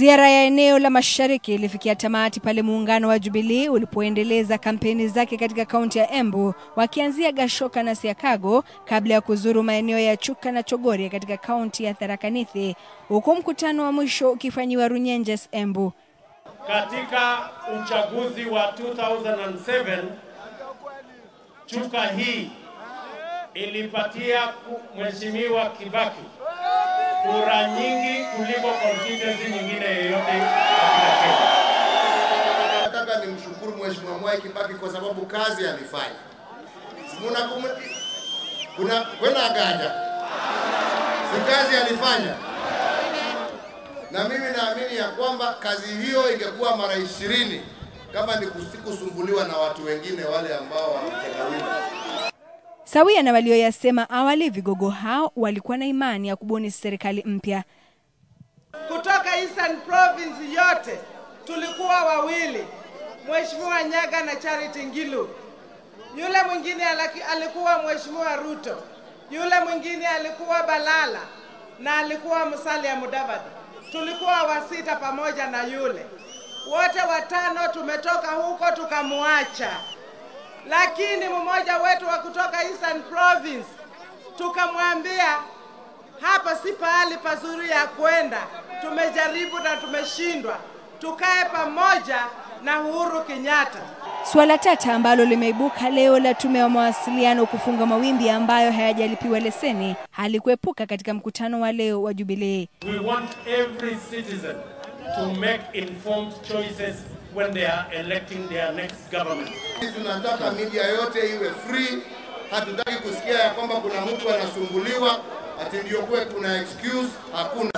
Ziara ya eneo la Mashariki ilifikia tamati pale muungano wa Jubilee ulipoendeleza kampeni zake katika kaunti ya Embu, wakianzia Gashoka na Siakago kabla ya kuzuru maeneo ya Chuka na Chogoria katika kaunti ya Tharaka Nithi, huku mkutano wa mwisho ukifanyiwa Runyenjes, Embu. Katika uchaguzi wa 2007 Chuka hii ilipatia Mheshimiwa Kibaki kura nyingi kuliko constituency nyingine. Mwai Kibaki kwa sababu kazi alifanya. Kuna kwenda Agada, si kazi alifanya? Na mimi naamini ya kwamba kazi hiyo ingekuwa mara ishirini kama ni kusumbuliwa na watu wengine wale ambao wamtegawia Sawia na walioyasema awali, vigogo hao walikuwa na imani ya kubuni serikali mpya. Kutoka Eastern Province yote tulikuwa wawili. Mheshimiwa Nyaga na Charity Ngilu, yule mwingine alikuwa Mheshimiwa Ruto, yule mwingine alikuwa Balala na alikuwa Musalia Mudavadi. Tulikuwa wasita pamoja na yule, wote watano tumetoka huko tukamwacha, lakini mmoja wetu wa kutoka Eastern Province tukamwambia hapa si pahali pazuri ya kwenda, tumejaribu na tumeshindwa, tukae pamoja na Uhuru Kenyatta. Suala tata ambalo limeibuka leo la tume ya mawasiliano kufunga mawimbi ambayo hayajalipiwa leseni halikuepuka katika mkutano wa leo wa Jubilee. We want every citizen to make informed choices when they are electing their next government. Tunataka media yote iwe free. Hatutaki kusikia ya kwamba kuna mtu anasumbuliwa ati ndio kuwe kuna excuse. Hakuna.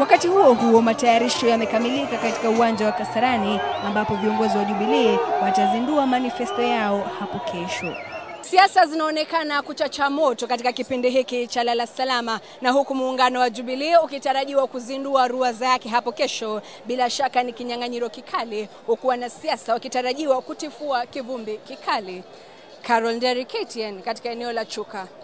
Wakati huo huo, matayarisho yamekamilika katika uwanja wa Kasarani ambapo viongozi wa Jubilee watazindua manifesto yao hapo kesho. Siasa zinaonekana kuchacha moto katika kipindi hiki cha lala salama, na huku muungano wa Jubilee ukitarajiwa kuzindua rua zake hapo kesho, bila shaka ni kinyang'anyiro kikali, huku wanasiasa wakitarajiwa kutifua kivumbi kikali. Carol Nderi, KTN, katika eneo la Chuka.